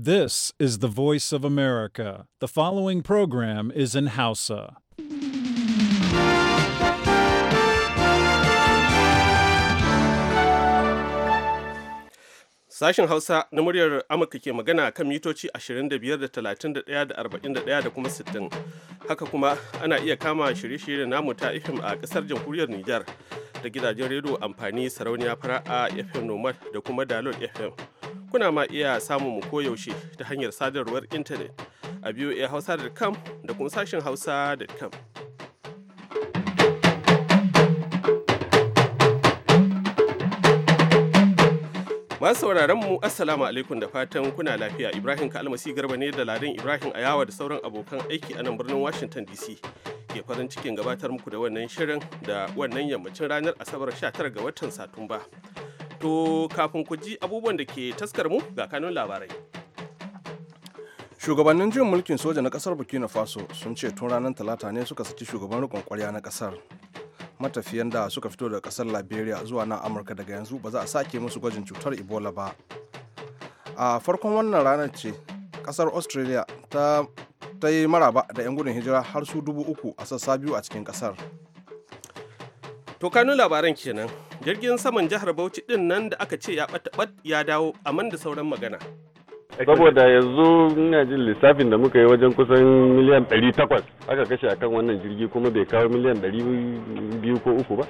This is the voice of America. The following program is in Hausa. Sashen Hausa na muryar Amurka ke magana kan mitoci 25 da da kuma 60. Haka kuma ana iya kama shirye-shirye namu ta FM a ƙasar jamhuriyar Nijar da gidajen rediyo amfani sarauniya Fara, A, FM Nomad da kuma Dalol FM. kuna ma iya samun mu koyaushe ta hanyar sadarwar intanet a hausa da da kuma sashen hausa.com. Masu sauraron mu Assalamu alaikum da fatan kuna lafiya Ibrahim Kalmasi Garba ne da ladin Ibrahim Ayawa da sauran abokan aiki a nan birnin Washington DC. Ke farin cikin gabatar muku da wannan shirin da wannan yammacin ranar Asabar 19 ga watan Satumba. To kafin ku ji abubuwan da ke taskar mu ga kanun labarai. Shugabannin jin mulkin soja na kasar Burkina Faso sun ce tun ranar Talata ne suka saki shugaban rikon kwarya na kasar. Matafiyan da suka fito daga kasar Liberia zuwa na Amurka daga yanzu ba za a sake musu gwajin cutar Ebola ba. A farkon wannan ranar ce kasar Australia ta ta yi maraba da 'yan gudun hijira har su dubu uku a sassa biyu a cikin kasar. To kanun labaran kenan. Jirgin saman jihar Bauchi din nan da aka ce ya ɓata ɓat ya dawo man da sauran magana. saboda yanzu ina jin lissafin da muka yi wajen kusan miliyan 800 aka kashe akan wannan jirgi kuma bai kawo miliyan 200 ko uku ba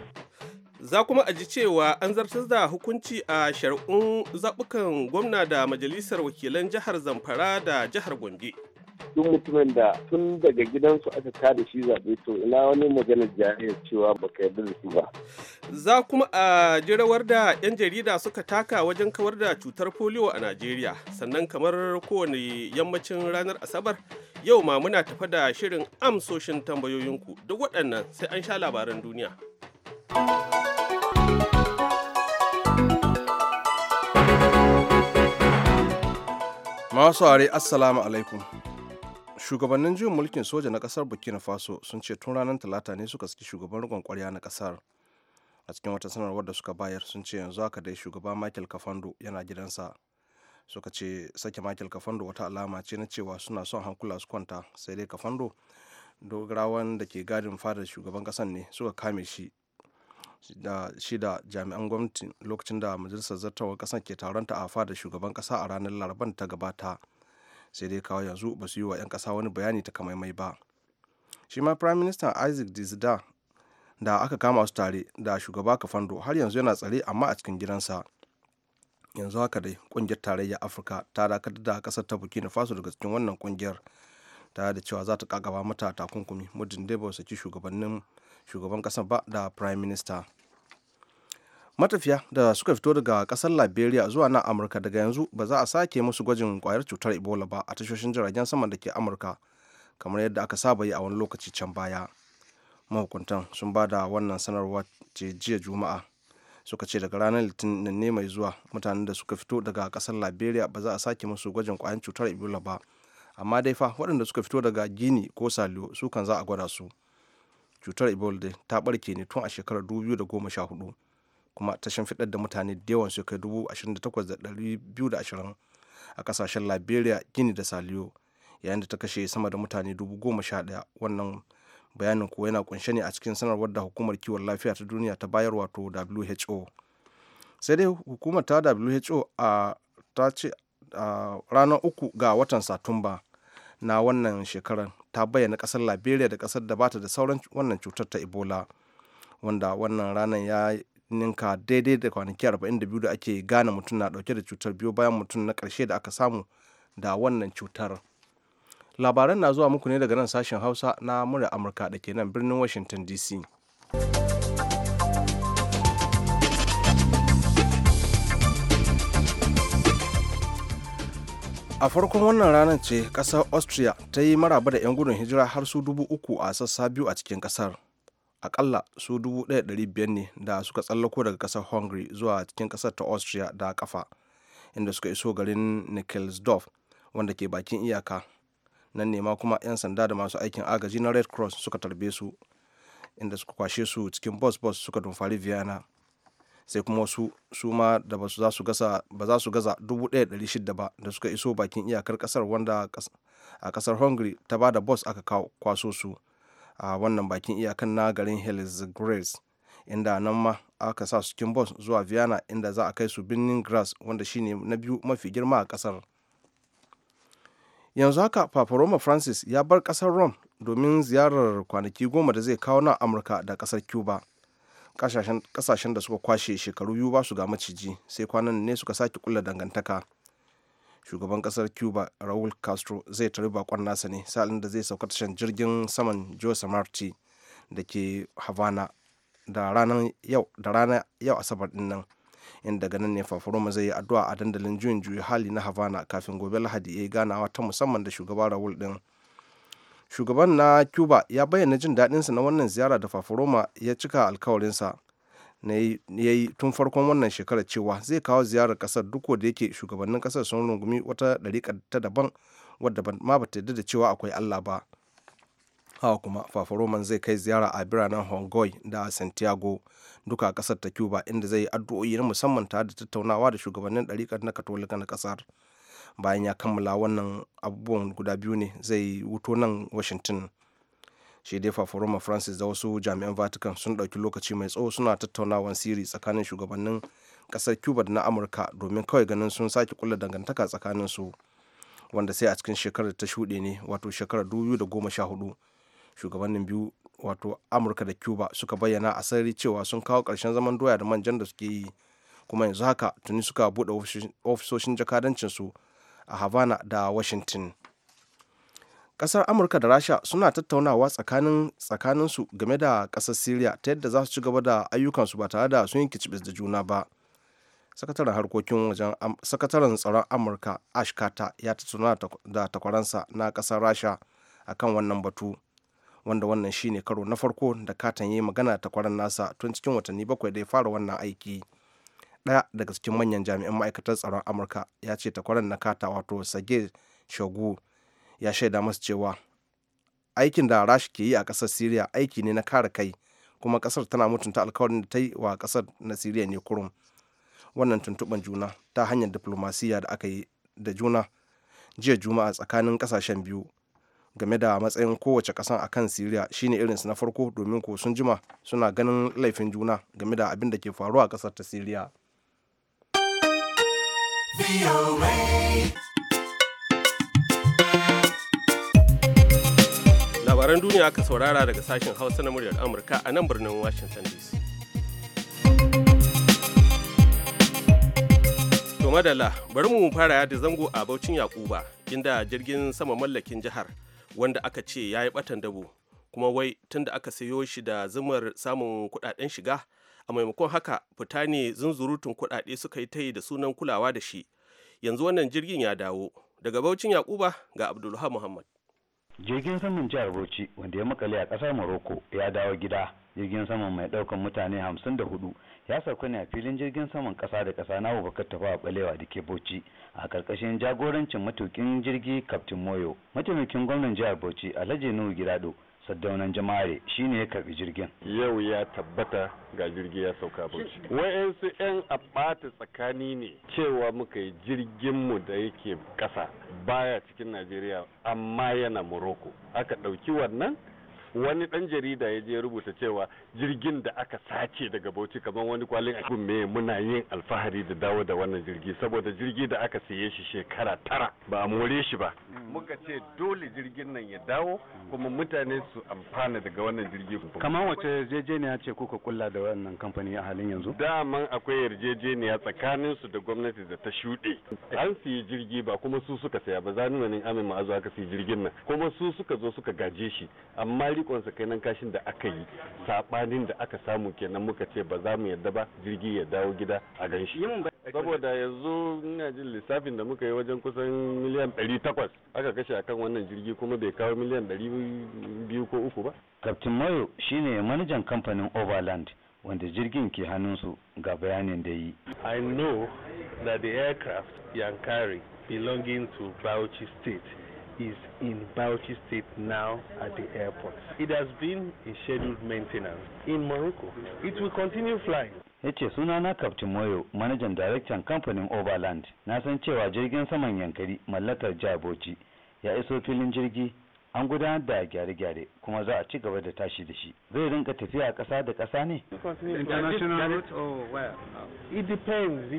za kuma a ji cewa an zartar da hukunci a shari'un zaɓukan gwamna da majalisar wakilan jihar zamfara da jihar gombe duk mutumin da tun daga gidansu aka da shi zaɓe to ina wani maganar jariya cewa ba ka yarda da su ba. Za kuma a jirawar da 'yan jarida suka taka wajen kawar da cutar polio a Najeriya sannan kamar kowane yammacin ranar Asabar yau ma muna tafa da shirin amsoshin tambayoyinku duk waɗannan sai an sha labaran duniya. Masu assalamu alaikum. shugabannin juyin mulkin soja na kasar burkina faso sun ce tun ranar talata ne suka saki shugaban rikon kwarya na kasar a cikin wata sanarwar da suka bayar sun ce yanzu aka dai shugaba michael kafando yana gidansa suka ce sake michael kafando wata alama ce na cewa suna son hankula su kwanta sai dai kafando dogarawan da ke gadin fadar shugaban kasar ne suka kame shi da shi da jami'an gwamnati lokacin da majalisar zartawar kasan ke taron ta a fadar shugaban kasa a ranar laraban ta gabata sai dai kawo yanzu ba su yi wa 'yan ƙasa wani bayani ta mai ba shi ma prime minister isaac disda da aka kama su tare da shugaba kafando har yanzu yana tsare amma a cikin gidansa yanzu haka dai kungiyar tarayya afirka ta dakatar da kasar ta burkina faso daga cikin wannan kungiyar tare da cewa za ta kagaba mata takunkumi muddin dai ba saki shugabannin shugaban kasar ba da prime minister matafiya da suka fito daga kasar liberia zuwa na amurka daga yanzu ba za a sake musu gwajin kwayar cutar ebola ba a tashoshin jiragen sama da ke amurka kamar yadda aka saba yi a wani lokaci can baya mahukuntan sun ba da wannan sanarwa ce jiya juma'a suka ce daga ranar litinin ne mai zuwa mutanen da suka fito daga kasar liberia ba za a sake musu gwajin kwayar cutar ebola ba amma dai fa waɗanda suka fito daga gini ko saliyo su kan za a gwada su cutar ebola dai ta ɓarke ne tun a shekarar 2014 kuma ta shimfiɗar da mutane da yawan su kai ashirin a ƙasashen liberia gini da saliyo yayin da ta kashe sama da mutane dubu goma sha ɗaya wannan bayanin kuwa yana kunshe ne a cikin sanarwar da hukumar kiwon lafiya ta duniya ta bayar wato who sai dai hukumar ta who a ta ce a ranar uku ga watan satumba na wannan shekarar ta bayyana kasar liberia da kasar da bata da sauran wannan cutar ta ebola wanda wannan ranar ya ninka daidai da kwanaki 42 da ake gane mutum na dauke da cutar biyu bayan mutum na karshe da aka samu da wannan cutar labaran na zuwa muku ne daga nan sashen hausa na murya amurka da ke nan birnin washington dc a farkon wannan ranar ce kasar austria ta yi maraba da 'yan gudun hijira har su dubu uku a sassa biyu a cikin kasar akalla su 1,500 ne da suka tsallako daga kasar hungary zuwa cikin kasar ta austria da kafa inda suka iso garin nickelsdorf wanda ke bakin iyaka nan ne ma kuma 'yan sanda da masu aikin agaji na red cross suka tarbe su inda suka kwashe su cikin bus bus suka dumfari vienna sai kuma wasu su ma da ba za su gaza 1,600 ba da suka iso bakin iyakar kasar wanda a kasar hungary ta ba da bus aka kwaso su a wannan bakin iyakan na garin grace inda nan ma aka sa su cikin bus zuwa vienna inda za a kai su birnin grass wanda shine na biyu mafi girma a kasar yanzu haka roma francis ya bar kasar rome domin ziyarar kwanaki goma da zai kawo na amurka da kasar cuba kasashen da suka kwashe shekaru biyu ba su ga maciji sai kwanan ne suka sake kulla dangantaka shugaban kasar cuba raul castro zai tari bakon nasa ne sa'ilin da zai sauka tashan jirgin saman jose marti da ke havana da ranar yau da ranar yau asabar din nan inda ganin ne fafaroma zai yi addu'a a dandalin juyin juyi hali na havana kafin gobe lahadi ya yi ganawa ta musamman da shugaba raul din shugaban na cuba ya bayyana jin daɗinsa na wannan ziyara da fafaroma ya cika alkawarinsa ya yi tun farkon wannan shekarar cewa zai kawo ziyarar kasar duk da yake shugabannin kasar sun rungumi wata ɗariƙa ta daban wadda ma ba ta da cewa akwai Allah ba. Hawa kuma Fafaroman zai kai ziyara a biranen Hongoy da Santiago duka a kasar ta Cuba inda zai yi addu'o'i na musamman tare da tattaunawa da shugabannin ɗariƙar na Katolika na kasar. Bayan ya kammala wannan abubuwan guda biyu ne zai wuto nan Washington. shi dai faforoma francis da wasu jami'an vatican sun ɗauki lokaci mai tsawo suna tattaunawan siri tsakanin shugabannin ƙasar cuba da na amurka domin kawai ganin sun sake kulla dangantaka tsakanin su wanda sai a cikin shekarar ta shuɗe ne wato shekarar 2014 shugabannin biyu wato amurka da cuba suka bayyana a sarari cewa sun kawo ƙarshen zaman doya da manjan da suke yi kuma yanzu haka tuni suka buɗe ofisoshin jakadancin su a havana da washington kasar amurka da rasha suna tattaunawa tsakanin tsakaninsu game da kasar syria ta yadda za su ci gaba da ayyukansu ba tare da sun yi da juna ba sakataren harkokin wajen sakataren tsaron amurka ash ya tattauna da takwaransa na kasar rasha akan wannan batu wanda wannan shine karo na farko da katan yi magana takwaran nasa tun cikin watanni bakwai da ya fara wannan aiki ɗaya daga cikin manyan jami'an ma'aikatar tsaron amurka ya ce takwaran na kata wato sage shagu ya shaida masu cewa aikin da rashi ke yi a ƙasar siriya aiki ne na kare kai kuma ƙasar tana mutunta alkawarin da ta yi wa ƙasar na siriya ne kurum wannan tuntuɓan juna ta hanyar diflomasiyya da aka yi da juna jiya juma'a tsakanin ƙasashen biyu game da matsayin kowace ƙasa akan siriya shine irin su na farko domin ko sun jima suna ganin laifin juna game da abin da ke faruwa a ƙasar ta siriya labaran duniya aka saurara daga sashen hausa na muryar amurka a nan birnin washington dc to madalla bari mu fara yada zango a baucin yakuba inda jirgin sama mallakin jihar wanda aka ce ya yi batan dabo kuma wai tunda aka sayo shi da zumar samun kudaden shiga a maimakon haka fita ne zunzurutun kudade suka yi ta yi da sunan kulawa da shi yanzu wannan jirgin ya dawo daga baucin yakuba ga abdulha muhammad jirgin saman jihar bauchi wanda ya makale a ƙasar morocco ya dawo gida jirgin saman mai daukan mutane hamsin da hudu ya sauka ne a filin jirgin saman ƙasa da ƙasa na abubakar tafawa balewa da ke bauchi a ƙarƙashin jagorancin matukin jirgi kaftin moyo mataimakin gwamnan jihar bauchi alhaji nuhu girado Saddaunan Jamare ne ya karbi jirgin. Yau ya tabbata ga jirgi ya sauka Bauchi. Wa'yansu 'yan abata tsakani ne cewa muka yi jirginmu da yake ƙasa baya cikin Najeriya amma yana Morocco. Aka ɗauki wannan wani ɗan jarida ya je rubuta cewa jirgin da aka sace daga Bauchi kamar wani kwalin abin me muna yin alfahari da dawo da wannan jirgi saboda jirgi da aka siye shi shekara tara ba a more shi ba mm. muka ce dole jirgin nan ya dawo kuma mutane su amfana daga wannan jirgi kamar wace yarjejeniya ce kuka kulla da wannan kamfani a halin yanzu daman akwai yarjejeniya tsakanin su da gwamnati da ta shuɗe an siye jirgi ba kuma su suka saya ba wani amin ma'azu aka siye jirgin nan kuma su suka zo suka gaje shi amma rikon sa kai nan kashin da aka yi saɓani halin da aka samu kenan muka ce ba za mu yadda ba jirgi ya dawo gida a gan shi saboda yanzu ina jin lissafin da muka yi wajen kusan miliyan 800 aka kashe akan wannan jirgi kuma bai kawo miliyan 200 ko uku ba kaftin mayo shine manajan kamfanin overland wanda jirgin ke hannunsu ga bayanin da yi i know that the aircraft yankari belonging to bauchi state is in Bauchi State now at the airport. It has been in scheduled maintenance in Morocco. It will continue flying. ya ce suna na kaftin moyo manajan daraktan kamfanin overland na san cewa jirgin saman yankari mallakar jaboci ya iso filin jirgi an gudanar da gyare-gyare kuma za a ci gaba da tashi da shi zai rinka tafiya ƙasa da ƙasa ne international route it depends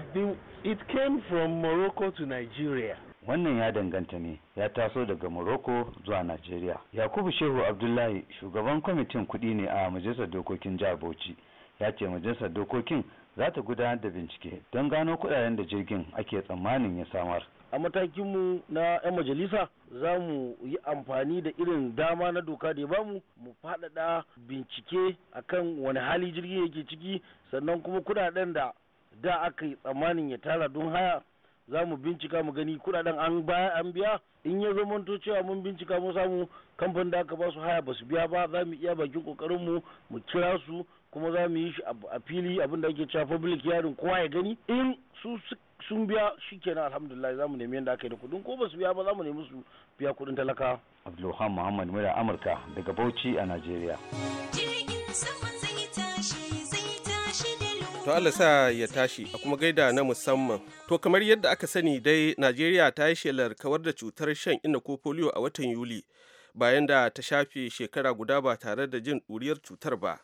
it came from morocco to nigeria wannan ya danganta ne ya taso daga morocco zuwa nigeria yakubu shehu abdullahi shugaban kwamitin kudi ne a majalisar dokokin jihar bauchi ya ce majalisar dokokin za ta gudanar da bincike don gano kudaden da jirgin ake tsammanin ya samar a matakinmu na 'yan majalisa za mu yi amfani da irin dama na doka da ya bamu mu faɗaɗa bincike akan wani hali jirgin yake ciki sannan kuma kudaden da da aka yi tsammanin ya tara don haya za mu bincika mu gani kudaden an baya an biya in ya zamanto cewa mun bincika mun samu kamfanin da aka ba su haya ba su biya ba za mu iya bakin kokarin mu mu kira su kuma za mu yi shi a fili abin da ake cewa public yarin kowa ya gani in su sun biya shikenan alhamdulillah za mu nemi yadda aka yi da kudin ko ba su biya ba za mu nemi su biya kudin talaka abdulhamid muhammad mai amurka daga bauchi a najeriya to Allah sa ya tashi a kuma gaida na musamman to kamar yadda aka sani dai Najeriya ta yi shelar kawar da cutar shan ina ko polio a watan Yuli bayan da ta shafe shekara guda ba tare da jin ɗuriyar cutar ba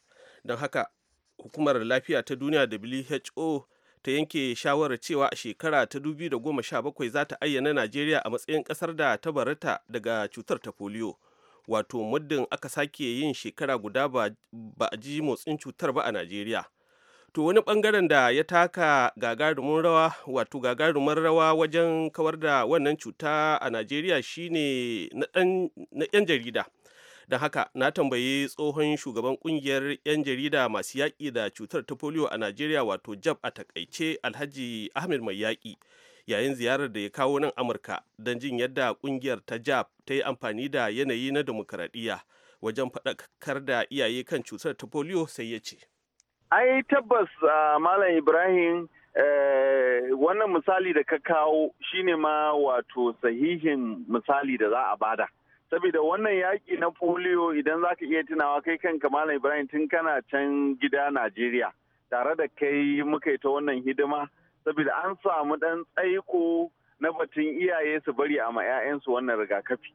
don haka hukumar lafiya ta duniya WHO ta yanke shawarar cewa a shekara ta da goma 2017 za ta ayyana Najeriya a matsayin ƙasar da ta barata daga cutar ta polio. Wato muddin aka sake yin shekara guda ba a ji motsin cutar ba a Najeriya. to wani bangaren da ya taka gagarumin rawa wato gagarumin rawa wajen kawar da wannan cuta a najeriya shine na 'yan jarida don haka na tambayi tsohon shugaban kungiyar 'yan jarida masu yaƙi da cutar ta polio a najeriya wato jab a takaice alhaji ahmed mai yaƙi yayin ziyarar da ya kawo nan amurka don jin yadda kungiyar ta jab ta yi amfani da yanayi na demokaradiyya wajen faɗakar da iyaye kan cutar ta polio sai ya ce ai tabbas malam ibrahim e, wannan misali da ka kawo shine ma wato sahihin misali da za a bada saboda wannan yaƙi na polio idan za ka iya tunawa kai kanka malam ibrahim tun kana can gida najeriya tare da kai muka yi ta wannan hidima saboda an samu ɗan tsaiko na batun iyaye su bari a ma wannan rigakafi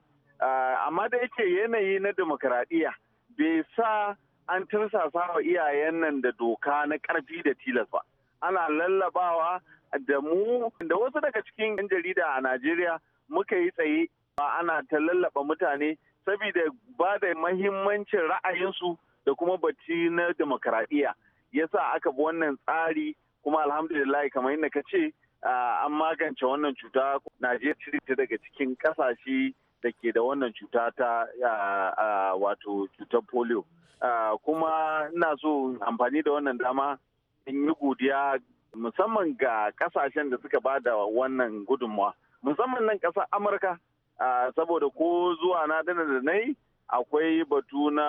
amma da yake yanayi na demokaradiyya bai sa an tursasa wa iyayen nan da doka na karfi da tilas ba ana lallabawa da mu da wasu daga cikin 'yan jarida a najeriya muka yi tsaye ba ana ta lallaba mutane saboda ba da mahimmancin ra'ayinsu da kuma bacci na demokaradiyya yasa aka bi wannan tsari kuma alhamdulillah kamar yadda ka ce ah, an magance wannan cuta najeriya ta daga cikin ƙasashe. da ke da wannan cuta ta wato cutar polio kuma ina so amfani da wannan dama in yi godiya musamman ga kasashen da suka ba da wannan gudunmawa musamman nan ƙasar amurka saboda ko zuwa na dana da na yi akwai batu na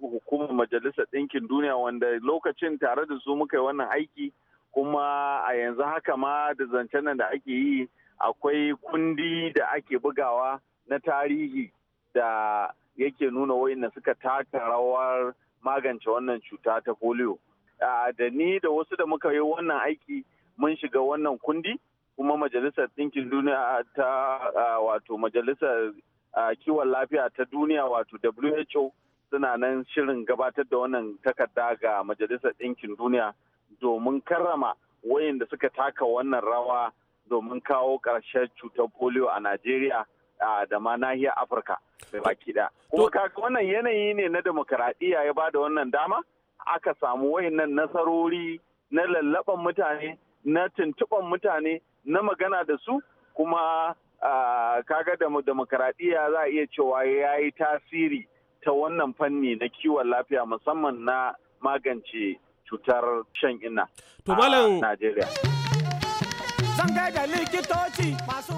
hukumar majalisar ɗinkin duniya wanda lokacin tare da su muka yi wannan aiki kuma a yanzu haka ma da zancen nan da ake yi akwai kundi da ake bugawa na tarihi da yake nuna wayannan suka taka rawar magance wannan cuta ta polio. Da ni da wasu da muka yi wannan aiki mun shiga wannan kundi kuma majalisar ɗinkin duniya ta wato majalisar kiwon lafiya ta duniya wato WHO suna nan shirin gabatar da wannan takarda ga majalisar ɗinkin duniya domin karrama wayanda suka taka wannan rawa domin kawo ƙarshen cutar polio a Najeriya. da ma nahiyar afirka da baki da kuma kaga wannan yanayi ne na demokaradiyya ya bada wannan dama aka samu wayannan nasarori na lallaban mutane na tuntuɓan mutane na magana da su kuma kaga da demokaradiyya za a iya cewa ya yi tasiri ta wannan fanni na kiwon lafiya musamman na magance cutar shan ina a Najeriya. Zan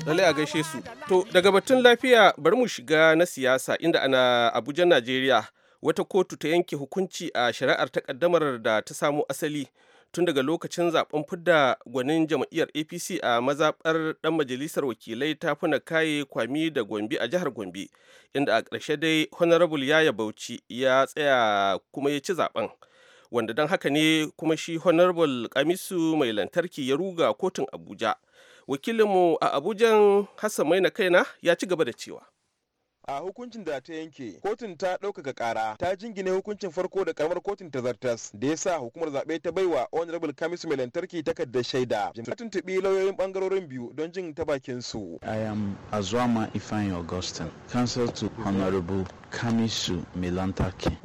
Lallai a gaishe su. To daga batun lafiya bari mu shiga na siyasa inda ana Abuja Najeriya wata kotu ta yanke hukunci a shari'ar takaddamar da ta samu asali tun daga lokacin zaben fidda gwanin jam'iyyar apc a mazaɓar ɗan majalisar wakilai ta funa kaye kwami da gombe a jihar gombe inda a ƙarshe dai honorable yaya bauchi ya tsaya kuma ya ci zaben wanda don haka ne kuma shi honorable kamisu mai lantarki ya ruga kotun abuja wakilinmu a abujan hassan mai na kaina ya ci gaba da cewa a hukuncin da ta yanke kotun ta ɗaukaka ƙara ta jingine hukuncin farko da karamar kotun ta zartas da ya sa hukumar zaɓe ta baiwa honorable kamis mai lantarki takardar shaida tun tabi lauyoyin ɓangarorin biyu don jin ta bakin su. i am azwama ifeanyi augustine counsel to honorable kamisu mai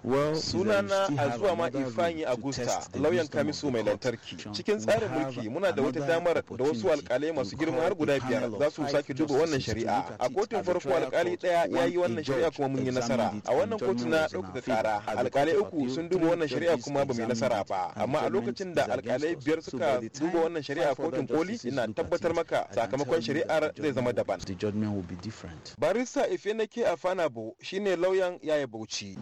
Well, sunana azwama ifeanyi augusta lauyan kamisu mai lantarki cikin tsarin mulki muna da wata damar da wasu alkalai masu girma har guda biyar za su sake duba wannan shari'a a kotun farko alkali ɗaya ya yi wannan shari'a kuma mun yi nasara a wannan kotu na ɗaukaka kara alkalai uku sun duba wannan shari'a kuma ba mu yi nasara ba amma a lokacin da alkalai biyar suka duba wannan shari'a kotun koli ina tabbatar maka sakamakon shari'ar zai zama daban barista ifenake afanabo shine lauyan yaya bauchi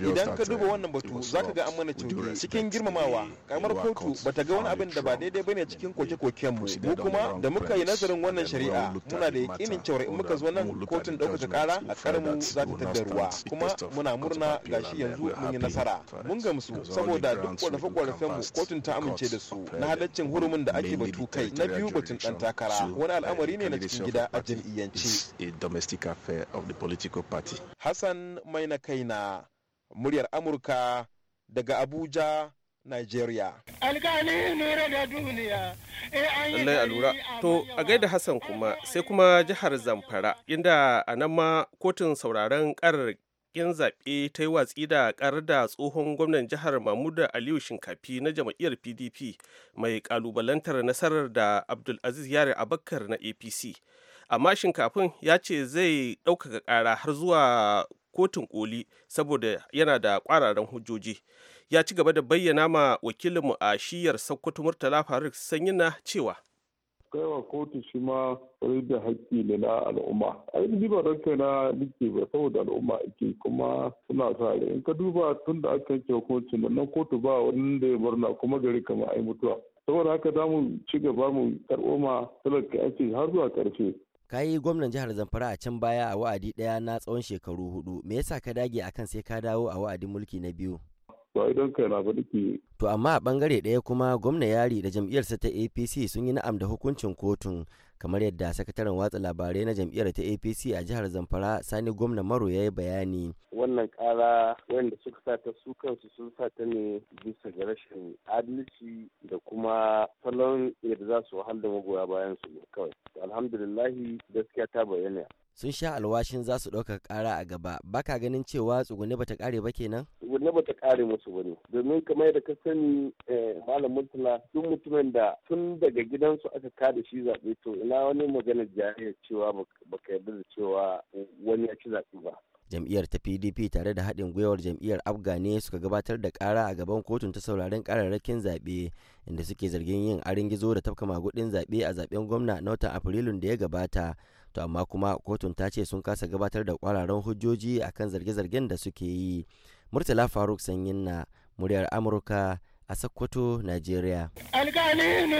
idan ka duba uh, wannan batu zaka ga an mana cuta cikin girmamawa uh, kamar kotu bata ga wani abin da ba daidai bane cikin koke-koken mu kuma da muka yi nazarin wannan shari'a muna da yakinin cewa in muka zo nan kotun ɗaukaka kara a karamu za ta ruwa kuma muna murna ga shi yanzu mun yi nasara mun gamsu saboda duk ƙorafe-ƙorafen mu kotun ta amince da su na halaccin hurumin da ake batu kai na biyu batun ɗan takara wani al'amari ne na cikin gida a jam'iyyance. Hassan mai na kaina muryar Amurka daga Abuja Nigeria. Eh, Lallai a lura. To a gaida Hassan kuma sai kuma jihar Zamfara inda a nan ma kotun sauraron yan zaɓe ta yi watsi da ƙarar da tsohon gwamnan jihar mamuda Aliyu Shinkafi na jam'iyyar PDP mai ƙalubalantar nasarar da Abdulaziz Yare Abakar na APC. Amma Shinkafin ya ce zai ɗaukaka ƙara har zuwa kotun koli saboda yana da kwararan hujjoji ya ci gaba da bayyana ma wakilinmu a shiyar sokoto murtala faruk sanyina cewa kaiwa kotu shi ma wani da haƙƙi ne na al'umma a yi ba don kai na nike ba saboda al'umma ake kuma suna tare in ka duba tun da aka yanke hukuncin nan kotu ba wani da ya barna kuma gari kamar ai mutuwa saboda haka za mu ci gaba mu karɓo ma talaka ake har zuwa ƙarshe ka yi gwamnan jihar zamfara a can baya a wa'adi ɗaya na tsawon shekaru hudu me yasa ka dage akan sai ka dawo a wa'adin mulki na biyu idan kai na ba to amma a bangare ɗaya kuma gwamna yari da jam'iyyarsa ta apc sun yi na'am da hukuncin kotun kamar yadda sakataren watsa labarai na jam'iyyar ta apc a jihar zamfara sani gwamna maro ya yi bayani wannan kara wanda suka sa ta su kansu sun sa ta ne bisa ga rashin adalci da kuma salon yadda za su wahal da magoya bayan su ne kawai alhamdulillahi gaskiya ta bayyana sun sha alwashin za su ɗaukar ƙara a gaba baka ganin cewa tsugune bata ƙare ba kenan tsugunne bata ƙare musu bane domin kamar yadda ka sani eh, malam murtala duk mutumin da tun daga gidansu aka kada shi zaɓe to ina wani magana jariya cewa baka yarda da cewa wani ya ci zaɓe ba jam'iyyar ta pdp tare da haɗin gwiwar jam'iyyar abga ne suka gabatar da ƙara a gaban kotun ta sauraren ƙararrakin zaɓe inda suke zargin yin arin gizo da tafka magudin zaɓe a zaɓen gwamna na watan afrilun da ya gabata to amma kuma kotun ta ce sun kasa gabatar da kwararan hujjoji akan zarge-zargen da suke yi murtala faruk sanyin na muryar amurka a Sokoto, Najeriya. Alkali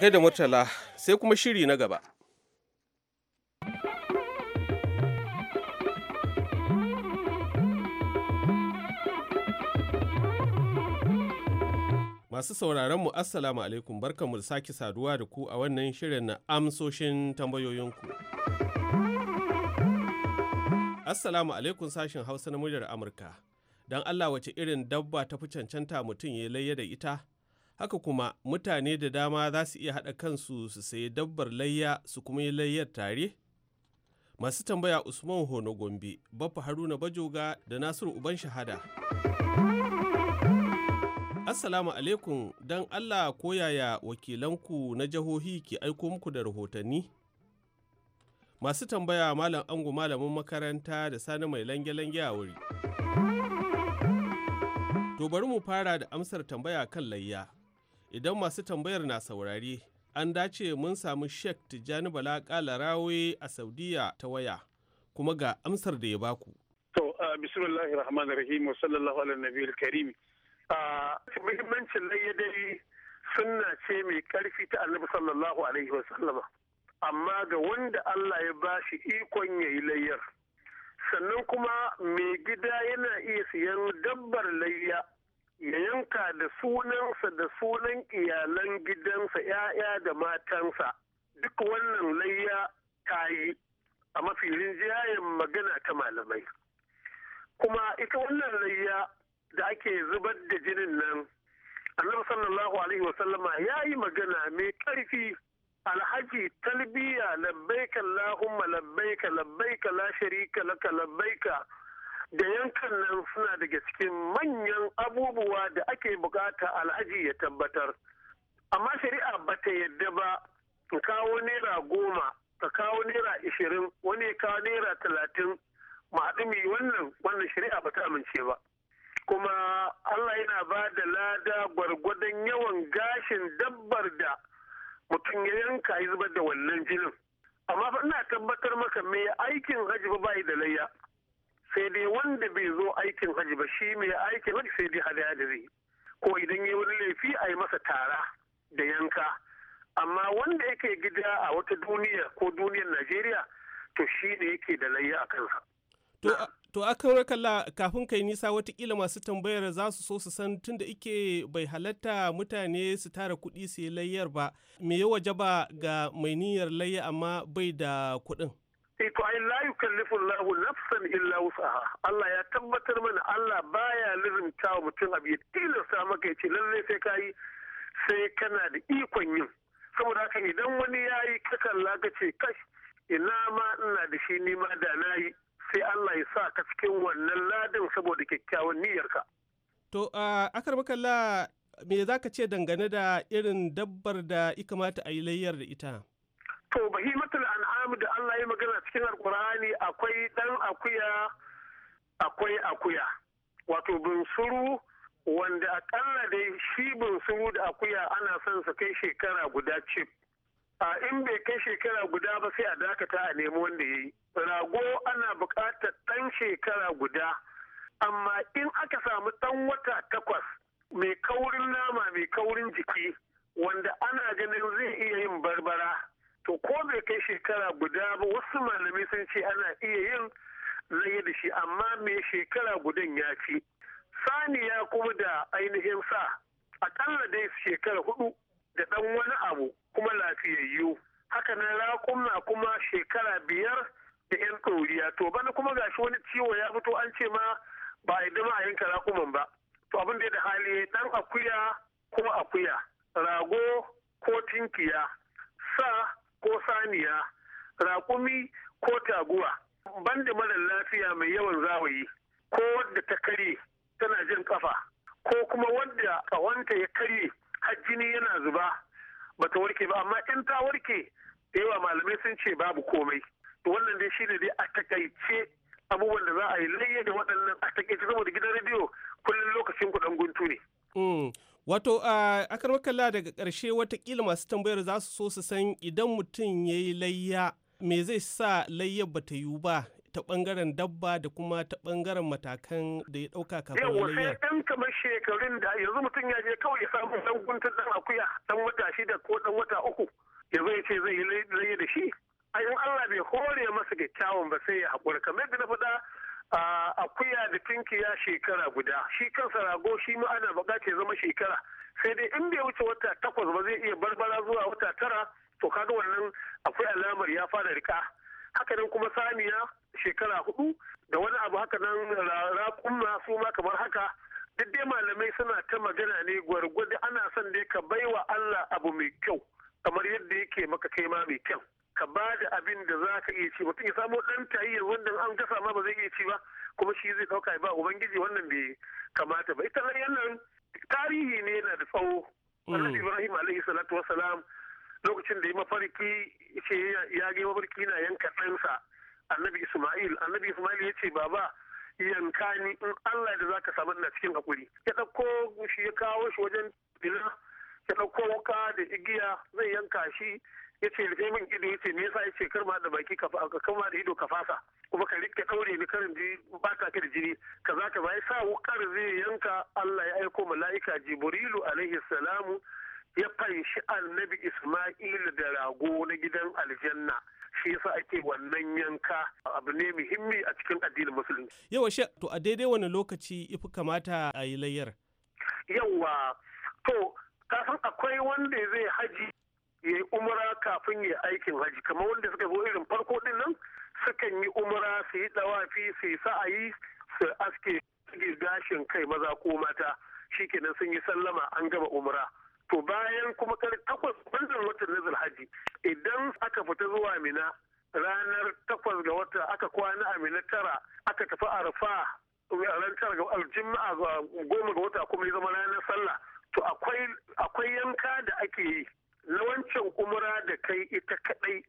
A da murtala sai kuma shiri na gaba. Masu sauraronmu Assalamu alaikum barkanmu da sake saduwa da ku a wannan shirin na amsoshin tambayoyinku. Assalamu alaikum sashin Hausa na muryar Amurka. Don Allah wace irin dabba ta fi cancanta mutum ya layya da ita? Haka kuma mutane da dama za su iya haɗa kansu su sayi dabbar layya su kuma yi layyar tare? Masu tambaya Usman Hono Gombe, Baffa Haruna Bajoga da Nasiru Uban Shahada. Assalamu alaikum don Allah koyaya wakilanku na jihohi ke aiko muku da rahotanni? Masu tambaya Malam Ango Malamin makaranta da Sani mai lange-lange a wuri. To bari mu fara da amsar tambaya kan layya. Idan masu tambayar na saurari an dace mun samu Sheikh Tijjani Bala rawe a Saudiya ta waya, kuma ga amsar da ya baku. To, bismillahirrahmanirrahim wa sallallahu ala muhimmancin layya dai sunna ce mai karfi ta annabi sallallahu alaihi wasallama amma ga wanda Allah ya ba shi ikon ya yi layyar sannan kuma mai gida yana iya siyan dabbar layya ya yanka da sunansa da sunan iyalan gidansa ‘ya'ya da matansa duk wannan layya ta yi a mafi rinjayen magana ta malamai kuma ita wannan layya da ake zubar da jinin nan annabi sallallahu alaihi wasallama ya yi magana mai ƙarfi alhaji talbiya labbaika allahumma labbaika labbaika la sharika laka labbaika da yankan nan suna daga cikin manyan abubuwa da ake bukata alhaji ya tabbatar amma shari'a ba ta yadda ba ka kawo naira goma ka kawo naira ishirin wani ya kawo naira talatin ma'adumi wannan wannan shari'a ba ta amince ba kuma Allah yana ba da lada gwargwadon yawan gashin dabbar da mutum ya yanka ya zubar da wannan jinin amma fa ina tabbatar maka me aikin hajji ba bai da layya sai dai wanda bai zo aikin hajji ba shi mai aikin hajji sai dai hadaya da zai ko idan ya wani laifi a yi masa tara da yanka amma wanda yake gida a wata duniya ko duniyar najeriya to shi ne yake da layya a kansa To akan rakalla kafin kai nisa watakila masu tambayar za su so su san tunda ike bai halatta mutane su tara kuɗi su yi layyar ba me ya waje ba ga mai niyyar layya amma bai da kuɗin. E to ai la yukallifu Allahu nafsan illa wus'aha. Allah ya tabbatar mana Allah baya lirinta wa mutum abu ya tilasta maka ya ce lallai sai ka yi sai kana da ikon yin. Saboda haka idan wani ya yi kakan lagace kash ina ma ina da shi nima da na yi sai Allah ya sa ka cikin wannan ladin saboda kyakkyawan niyyarka. To a akar makalla me za ka ce dangane da irin dabbar da ya kamata a yi layyar da ita? To bahimatul an'am da Allah ya magana cikin alkur'ani akwai dan akuya akwai akuya wato bunsuru wanda akalla dai shi bunsuru da akuya ana son su kai shekara guda cif. a in bai kai shekara guda ba sai a dakata a nemi wanda ya yi rago ana buƙatar ɗan shekara guda amma in aka samu ɗan wata takwas mai kaurin nama mai kaurin jiki wanda ana ganin zai iya yin barbara to ko bai kai shekara guda ba wasu malamai sun ce ana iya yin zai da shi amma mai shekara gudan ya ci saniya kuma da ainihin sa akalla dai shekara hudu da ɗan wani abu kuma lafiyayyu hakanan raƙumna kuma shekara biyar da 'yan ɗoriya to bana kuma gashi wani ciwo ya fito an ce ma ba a ma a yanka rakuman ba to abin da ya da hali ɗan akuya kuma akuya rago ko tinkiya sa ko saniya raƙumi ko taguwa banda mara lafiya mai yawan zawayi ko wadda ta karye tana jin kafa ko kuma wadda ƙawanta ya karye har jini yana zuba ba ta warke ba amma in ta warke da yawa malamai sun ce babu komai to wannan dai shine dai a takaice abubuwan da za a yi layya da waɗannan a takaice saboda gidan rediyo kullum lokacin kuɗin guntu ne. Hmm. Wato ah, a daga karshe watakila masu tambayar za su so su san idan mutum ya yi layya me zai sa layyar ba ta yiwu ba ta bangaren dabba da kuma ta bangaren matakan da ya dauka kafin yawa sai dan kamar shekarun da yanzu mutum ya je kawai ya samu dan guntun dan akuya dan wata shida ko dan wata uku ya zai ce zai yi da shi a in Allah bai hore masa kyakkyawan ba sai ya haƙura kamar da na faɗa akuya da tinkiya shekara guda shi kansa rago shi ma ana buƙatar ya zama shekara sai dai in bai wuce wata takwas ba zai iya barbara zuwa wata tara to kaga wannan akwai alamar ya fara rika haka nan kuma saniya shekara hudu da wani abu haka nan raƙumma su ma kamar haka duk dai malamai suna ta magana ne gwargwado ana son dai ka baiwa Allah abu mai kyau kamar yadda yake maka kai ma mai kyau ka ba da abin da za ka iya ci mutum ya samu ɗan tayi wanda an gasa ma ba zai iya ci ba kuma shi zai ɗauka ba ubangiji wannan bai kamata ba ita nan tarihi ne yana da tsawo mm. Allah Ibrahim alaihi salatu wasalam lokacin da ya mafarki ce ya ga mafarki na yanka ɗansa annabi isma'il annabi isma'il ya ce baba yanka ni in allah da zaka samu ina cikin hakuri ya ɗauko shi ya kawo shi wajen dila ya ɗauko wuka da igiya zai yanka shi ya ce da min ido ya ce me yasa ya ce kar ma da baki ka kama da ido ka fasa kuma ka rike ɗaure ni karin ji ba ka da jini za ka ya sa wukar zai yanka allah ya aiko mala'ika jibrilu alaihi salamu ya fanshi annabi Ismail da rago na gidan aljanna shi yasa ake wannan yanka abu ne muhimmi a cikin addinin musulunci. Yawa shi to a daidai wani lokaci ifi kamata a yi layyar? Yawa to kasan akwai wanda zai haji ya yi umara kafin ya aikin haji kamar wanda suka zo irin farko din nan sukan yi umara su yi dawafi su yi sa'ayi su aske gashin kai maza ko mata shikenan sun yi sallama an gama umara. to bayan kuma kar takwas wannan watan na zulhaji idan aka fita zuwa mina ranar takwas ga wata aka kwana a mina tara aka tafi arfa ran tara ga aljima'a goma ga wata kuma ya zama ranar sallah to akwai yanka da ake yi na wancan umura da kai ita kadai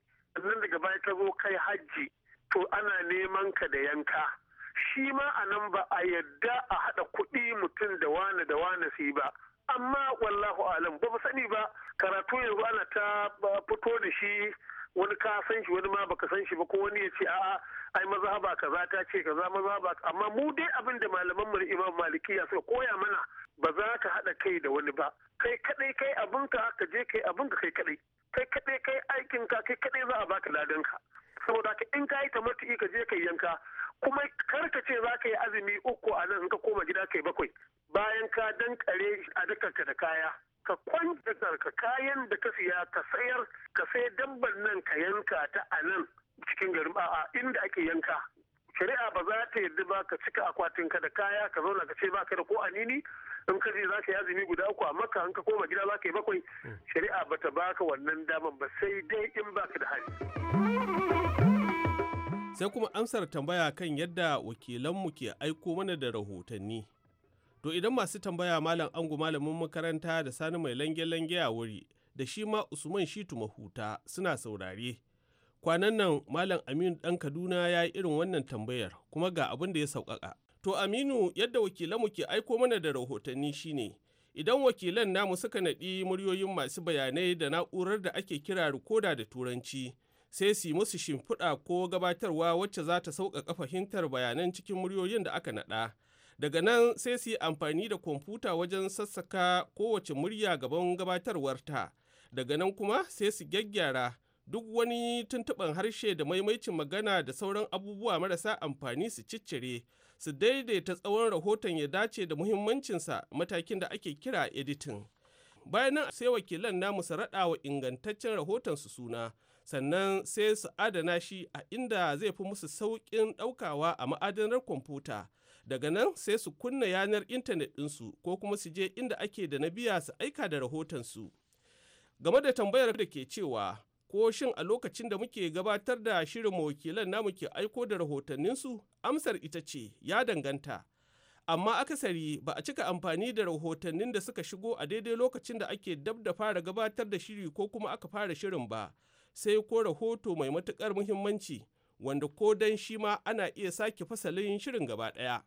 nan daga baya ta zo kai hajji to ana neman ka da yanka shi ma a nan ba a yadda a haɗa kuɗi mutum da wane da wane su ba amma wallahu alam ba mu sani ba karatu yanzu ana ta fito da shi wani ka san shi wani ma baka san shi ba ko wani ya ce a'a ai ba kaza ta ce kaza ba amma mu dai abin da malaman mu Imam ya suka koya mana ba za ka hada kai da wani ba kai kadai kai abinka ka je kai abinka kai kadai kai kadai kai aikinka kai kadai za a baka ladan ka saboda ka in ka yi ta matu'i ka je kai yanka kuma kar ka ce za ka yi azumi uku a nan ka koma gida kai bakwai bayan ka dankare a dukanka da kaya ka kwanta ka kayan da ka siya ka sayar ka sai damben nan ka yanka ta a nan cikin garin a inda ake yanka shari'a ba za ta yarda ba ka cika akwatin ka da kaya ka zauna ka ce ba ka da ko anini in ka je za ka yi azumi guda uku a maka in ka koma gida za ka yi bakwai hmm. shari'a ba ta baka wannan daman ba sai dai in ba ka da hali. sai kuma amsar tambaya kan yadda wakilanmu ke aiko mana da rahotanni. To idan masu tambaya malam angu malamin makaranta da sani mai lange-lange a wuri da shi ma Usman Shitu Mahuta suna saurare. Kwanan nan malam Aminu ɗan Kaduna ya yi irin wannan tambayar kuma ga abin da ya sauƙaƙa. To Aminu yadda wakilanmu ke aiko mana da rahotanni shine idan wakilan namu suka naɗi muryoyin masu bayanai da na'urar da ake kira rikoda da turanci sai su yi musu shimfiɗa ko gabatarwa wacce za ta sauƙaƙa fahimtar bayanan cikin muryoyin da aka naɗa. Daga nan sai su yi amfani da kwamfuta wajen sassaka kowace murya gaban gabatarwarta. Daga nan kuma sai su gyaggyara duk wani tuntuɓan harshe da maimaicin magana da sauran abubuwa marasa amfani su ciccire, su daidaita tsawon rahoton ya dace da muhimmancinsa matakin da ake kira editing. Bayan nan sai wakilan namu su raɗa wa ingantaccen rahoton su suna. sannan sai su adana shi a inda zai fi musu sauƙin ɗaukawa a ma'adanar kwamfuta daga nan sai su kunna yanar intanet ɗinsu ko kuma su je inda ake da na biya su aika da rahotonsu game da tambayar da ke cewa ko shin a lokacin da muke gabatar da shirin wakilan na muke aiko da rahotanninsu amsar ita ce ya danganta amma akasari ba a cika amfani da rahotannin da suka shigo a daidai lokacin da ake dab da fara gabatar da shiri ko kuma aka fara shirin ba sai ko rahoto mai matuƙar muhimmanci wanda ko dan shi ma ana iya sake fasalin shirin gaba ɗaya.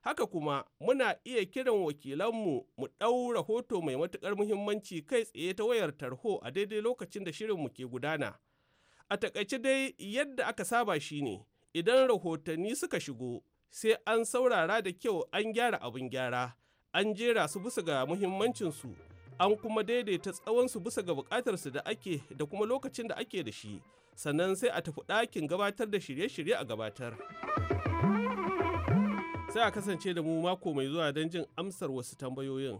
Haka kuma muna iya kiran wakilanmu mu ɗau rahoto mai matuƙar muhimmanci kai tsaye ta wayar tarho a daidai lokacin da shirinmu ke gudana. A taƙaice dai yadda aka saba shi ne, idan rahotanni suka shigo, sai an saurara da kyau an gyara abin gyara, an jera su bisa ga muhimmancinsu. an kuma daidaita tsawonsu bisa ga bukatarsu da ake da kuma lokacin da ake da shi sannan sai a tafi ɗakin gabatar da shirye-shirye a gabatar sai a kasance da mu mako mai zuwa don jin amsar wasu tambayoyin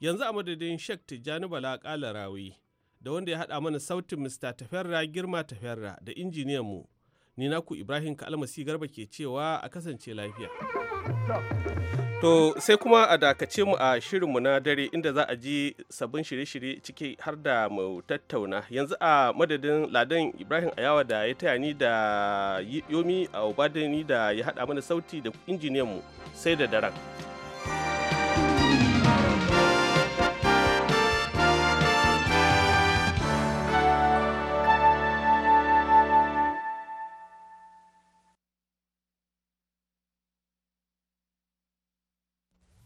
yanzu a madadin shek tijjani bala kala rawi da wanda ya haɗa mana sautin mr tafarra girma tafarra da injiniyan mu ni naku ibrahim kalmasi garba ke cewa a kasance lafiya To sai kuma a dakace mu a shirinmu na dare inda za a ji sabbin shirye-shirye ciki har da mu tattauna. Yanzu a madadin Ladan Ibrahim Ayawa da ya taya ni da Yomi a Obadani da ya haɗa mana sauti da injiniyanmu sai da daren.